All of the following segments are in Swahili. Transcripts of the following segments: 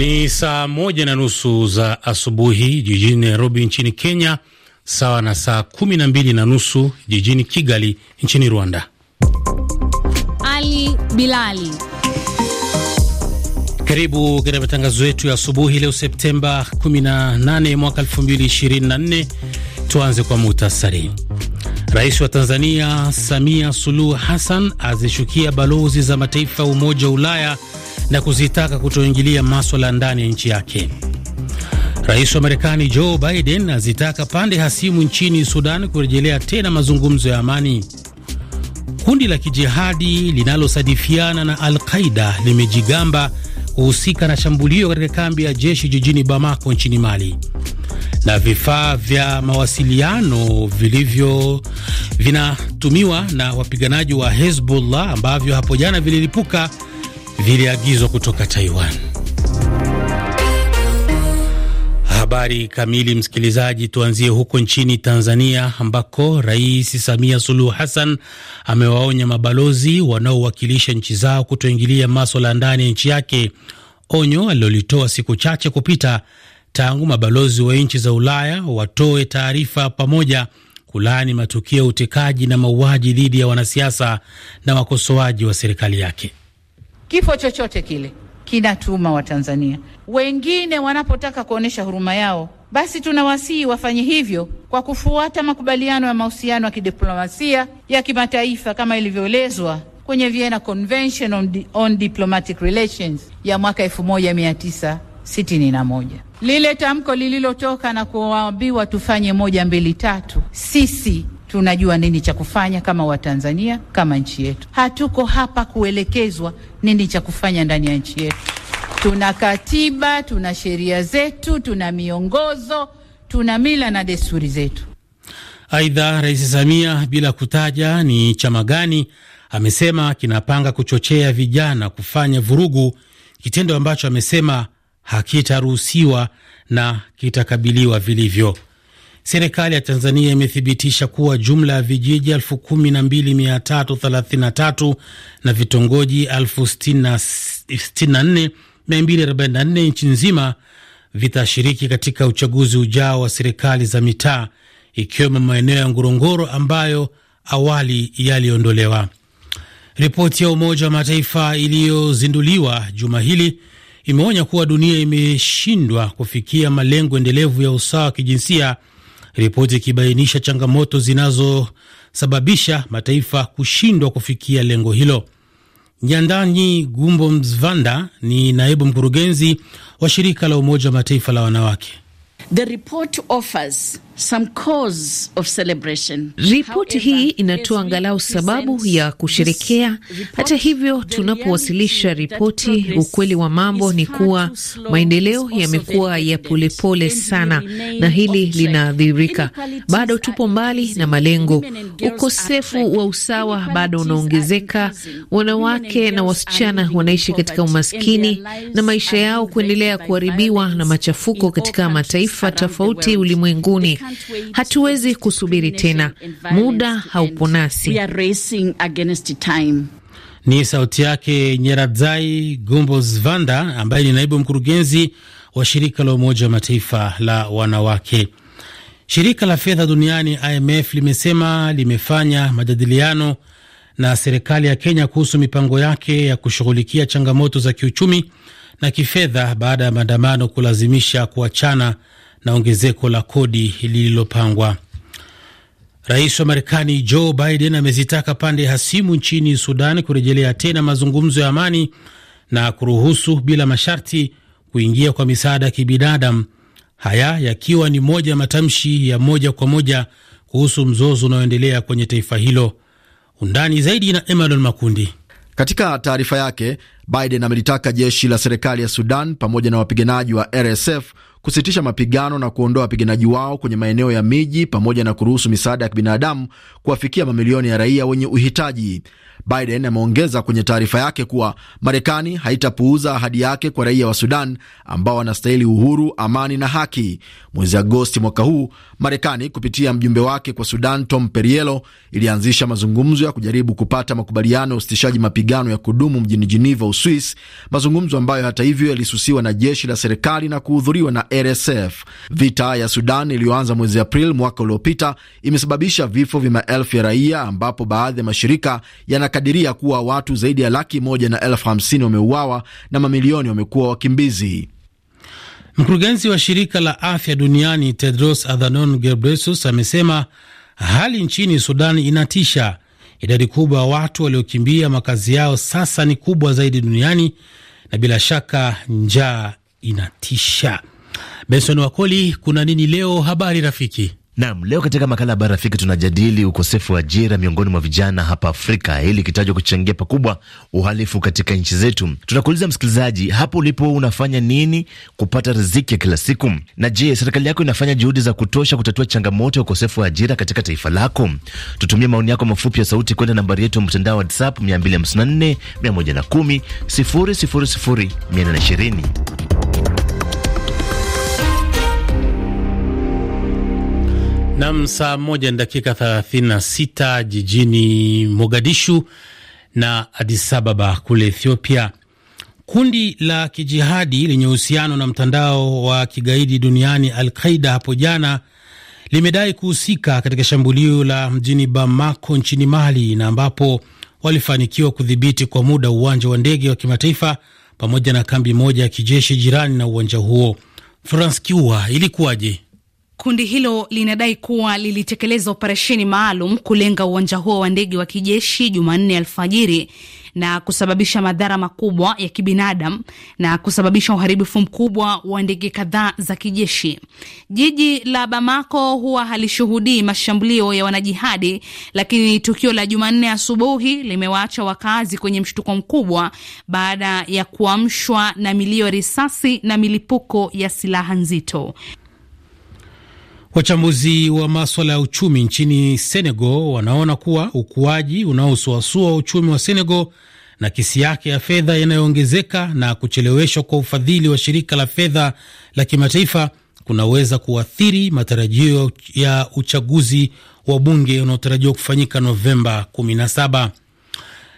Ni saa moja na nusu za asubuhi jijini Nairobi nchini Kenya, sawa na saa kumi na mbili na nusu jijini Kigali nchini Rwanda. Ali Bilali, karibu katika matangazo yetu ya asubuhi leo Septemba 18 mwaka 2024. Tuanze kwa muhtasari. Rais wa Tanzania Samia Suluhu Hassan azishukia balozi za mataifa ya Umoja wa Ulaya na kuzitaka kutoingilia maswala ndani ya nchi yake. Rais wa Marekani Joe Biden azitaka pande hasimu nchini Sudan kurejelea tena mazungumzo ya amani. Kundi la kijihadi linalosadifiana na Al-Qaida limejigamba kuhusika na shambulio katika kambi ya jeshi jijini Bamako nchini Mali. Na vifaa vya mawasiliano vilivyo vinatumiwa na wapiganaji wa Hezbollah ambavyo hapo jana vililipuka viliagizwa kutoka Taiwan. Habari kamili, msikilizaji, tuanzie huko nchini Tanzania ambako Rais Samia Suluhu Hassan amewaonya mabalozi wanaowakilisha nchi zao kutoingilia maswala ndani ya nchi yake, onyo alilolitoa siku chache kupita tangu mabalozi wa nchi za Ulaya watoe taarifa pamoja kulaani matukio ya utekaji na mauaji dhidi ya wanasiasa na wakosoaji wa serikali yake. Kifo chochote kile kinatuma Watanzania wengine wanapotaka kuonyesha huruma yao, basi tunawasihi wafanye hivyo kwa kufuata makubaliano ya mahusiano ya kidiplomasia ya kimataifa kama ilivyoelezwa kwenye Vienna Convention on, di on Diplomatic Relations ya mwaka 1961. Lile tamko lililotoka na kuambiwa tufanye moja mbili tatu, sisi tunajua nini cha kufanya kama Watanzania, kama nchi yetu. Hatuko hapa kuelekezwa nini cha kufanya ndani ya nchi yetu. Tuna katiba, tuna sheria zetu, tuna miongozo, tuna mila na desturi zetu. Aidha, Rais Samia, bila kutaja ni chama gani, amesema kinapanga kuchochea vijana kufanya vurugu, kitendo ambacho amesema hakitaruhusiwa na kitakabiliwa vilivyo. Serikali ya Tanzania imethibitisha kuwa jumla ya vijiji 12333 na vitongoji 64244 nchi nzima vitashiriki katika uchaguzi ujao wa serikali za mitaa ikiwemo maeneo ya Ngorongoro ambayo awali yaliondolewa. Ripoti ya Umoja wa Mataifa iliyozinduliwa juma hili imeonya kuwa dunia imeshindwa kufikia malengo endelevu ya usawa wa kijinsia ripoti ikibainisha changamoto zinazosababisha mataifa kushindwa kufikia lengo hilo. Nyandanyi Gumbo Mzvanda ni naibu mkurugenzi wa shirika la Umoja wa Mataifa la wanawake. The report offers some cause of celebration. Ripoti hii inatoa angalau sababu ya kusherekea. Hata hivyo, tunapowasilisha ripoti, ukweli wa mambo ni kuwa maendeleo yamekuwa ya polepole ya sana, na hili linadhihirika. Bado tupo mbali na malengo. Ukosefu wa usawa bado unaongezeka. Wanawake na wasichana wanaishi katika umaskini na maisha yao kuendelea kuharibiwa na machafuko katika mataifa tofauti ulimwenguni. Hatuwezi kusubiri tena, muda haupo nasi. Ni sauti yake Nyeradzai Gumbos-Vanda ambaye ni naibu mkurugenzi wa shirika la Umoja wa Mataifa la wanawake. Shirika la fedha duniani IMF limesema limefanya majadiliano na serikali ya Kenya kuhusu mipango yake ya kushughulikia changamoto za kiuchumi na kifedha baada ya maandamano kulazimisha kuachana na ongezeko la kodi lililopangwa. Rais wa Marekani Joe Biden amezitaka pande hasimu nchini Sudan kurejelea tena mazungumzo ya amani na kuruhusu bila masharti kuingia kwa misaada ya kibinadamu, haya yakiwa ni moja ya matamshi ya moja kwa moja kuhusu mzozo unaoendelea kwenye taifa hilo. Undani zaidi na Emmanuel Makundi. Katika taarifa yake Biden amelitaka jeshi la serikali ya Sudan pamoja na wapiganaji wa RSF kusitisha mapigano na kuondoa wapiganaji wao kwenye maeneo ya miji pamoja na kuruhusu misaada ya kibinadamu kuwafikia mamilioni ya raia wenye uhitaji. Biden ameongeza kwenye taarifa yake kuwa Marekani haitapuuza ahadi yake kwa raia wa Sudan ambao wanastahili uhuru, amani na haki. Mwezi Agosti mwaka huu, Marekani kupitia mjumbe wake kwa Sudan Tom Perriello ilianzisha mazungumzo ya kujaribu kupata makubaliano ya usitishaji mapigano ya kudumu mjini Geneva, Uswis, mazungumzo ambayo hata hivyo yalisusiwa na jeshi la serikali na kuhudhuriwa na RSF. Vita ya Sudan iliyoanza mwezi Aprili mwaka uliopita imesababisha vifo vya maelfu ya raia, ambapo baadhi ya mashirika yanakadiria kuwa watu zaidi ya laki moja na elfu hamsini wameuawa na mamilioni wamekuwa wakimbizi. Mkurugenzi wa shirika la afya duniani Tedros Adhanom Ghebreyesus amesema hali nchini Sudan inatisha. Idadi kubwa ya watu waliokimbia makazi yao sasa ni kubwa zaidi duniani, na bila shaka njaa inatisha. Benson Wakoli, kuna nini leo? Habari rafiki. Naam, leo katika makala Habari Rafiki tunajadili ukosefu wa ajira miongoni mwa vijana hapa Afrika, hili ikitajwa kuchangia pakubwa uhalifu katika nchi zetu. Tunakuuliza msikilizaji, hapo ulipo unafanya nini kupata riziki ya kila siku? Na je, serikali yako inafanya juhudi za kutosha kutatua changamoto ya ukosefu wa ajira katika taifa lako? Tutumie maoni yako mafupi ya sauti kwenda nambari yetu ya mtandao wa WhatsApp 254 110 000 420. Nam, saa moja na dakika 36 jijini Mogadishu na Addis Ababa kule Ethiopia. Kundi la kijihadi lenye uhusiano na mtandao wa kigaidi duniani Al Qaida hapo jana limedai kuhusika katika shambulio la mjini Bamako nchini Mali, na ambapo walifanikiwa kudhibiti kwa muda uwanja wa ndege wa kimataifa pamoja na kambi moja ya kijeshi jirani na uwanja huo. Frans Kiua, ilikuwaje? Kundi hilo linadai kuwa lilitekeleza operesheni maalum kulenga uwanja huo wa ndege wa kijeshi Jumanne alfajiri na kusababisha madhara makubwa ya kibinadamu na kusababisha uharibifu mkubwa wa ndege kadhaa za kijeshi. Jiji la Bamako huwa halishuhudii mashambulio ya wanajihadi, lakini tukio la Jumanne asubuhi limewaacha wakazi kwenye mshtuko mkubwa baada ya kuamshwa na milio ya risasi na milipuko ya silaha nzito. Wachambuzi wa maswala ya uchumi nchini Senegal wanaona kuwa ukuaji unaosuasua uchumi wa Senegal kisi yake ya fedha inayoongezeka na kucheleweshwa kwa ufadhili wa shirika la fedha la kimataifa kunaweza kuathiri matarajio ya uchaguzi wa bunge unaotarajiwa kufanyika Novemba 17.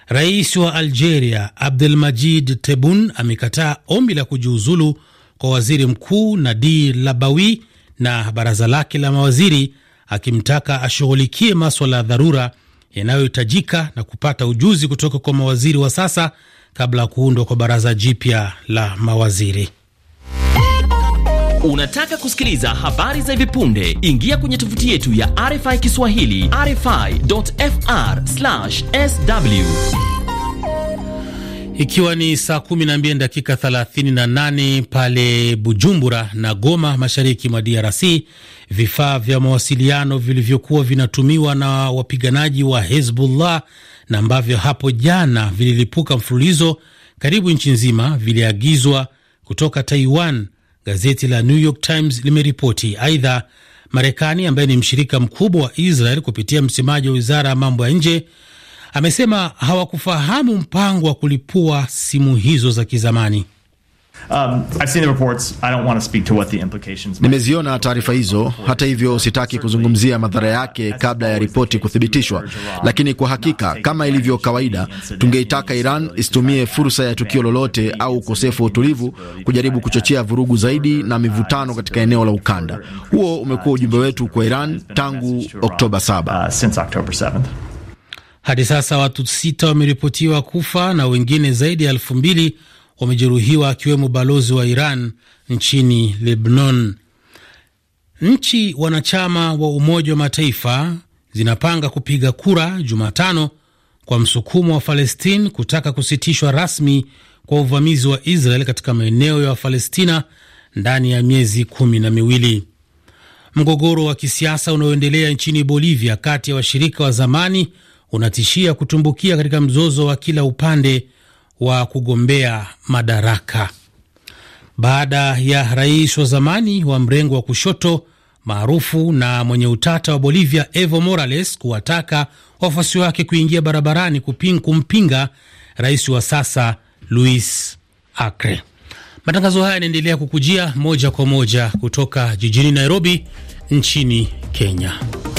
Rais wa Algeria Abdelmajid tebun amekataa ombi la kujiuzulu kwa waziri mkuu Nadir Labawi na baraza lake la mawaziri akimtaka ashughulikie maswala ya dharura yanayohitajika na kupata ujuzi kutoka kwa mawaziri wa sasa kabla ya kuundwa kwa baraza jipya la mawaziri. Unataka kusikiliza habari za hivi punde? Ingia kwenye tovuti yetu ya RFI Kiswahili, rfi.fr/sw. Ikiwa ni saa 12 dakika 38 pale Bujumbura na Goma, mashariki mwa DRC, vifaa vya mawasiliano vilivyokuwa vinatumiwa na wapiganaji wa Hezbollah na ambavyo hapo jana vililipuka mfululizo karibu nchi nzima viliagizwa kutoka Taiwan, gazeti la New York Times limeripoti. Aidha, Marekani ambaye ni mshirika mkubwa wa Israel kupitia msemaji wa wizara ya mambo ya nje amesema hawakufahamu mpango wa kulipua simu hizo za kizamani. Um, nimeziona taarifa hizo. Hata hivyo, sitaki kuzungumzia madhara yake kabla ya ripoti kuthibitishwa, lakini kwa hakika, kama ilivyo kawaida, tungeitaka Iran isitumie fursa ya tukio lolote au ukosefu wa utulivu kujaribu kuchochea vurugu zaidi na mivutano katika eneo la ukanda. Huo umekuwa ujumbe wetu kwa Iran tangu Oktoba 7. Hadi sasa watu sita wameripotiwa kufa na wengine zaidi ya elfu mbili wamejeruhiwa akiwemo balozi wa Iran nchini Lebanon. Nchi wanachama wa Umoja wa Mataifa zinapanga kupiga kura Jumatano kwa msukumo wa Palestina kutaka kusitishwa rasmi kwa uvamizi wa Israel katika maeneo ya wafalestina ndani ya miezi kumi na miwili. Mgogoro wa kisiasa unaoendelea nchini Bolivia kati ya washirika wa zamani unatishia kutumbukia katika mzozo wa kila upande wa kugombea madaraka baada ya rais wa zamani wa mrengo wa kushoto maarufu na mwenye utata wa Bolivia Evo Morales kuwataka wafuasi wake kuingia barabarani kuping, kumpinga rais wa sasa Luis Acre. Matangazo haya yanaendelea kukujia moja kwa moja kutoka jijini Nairobi nchini Kenya.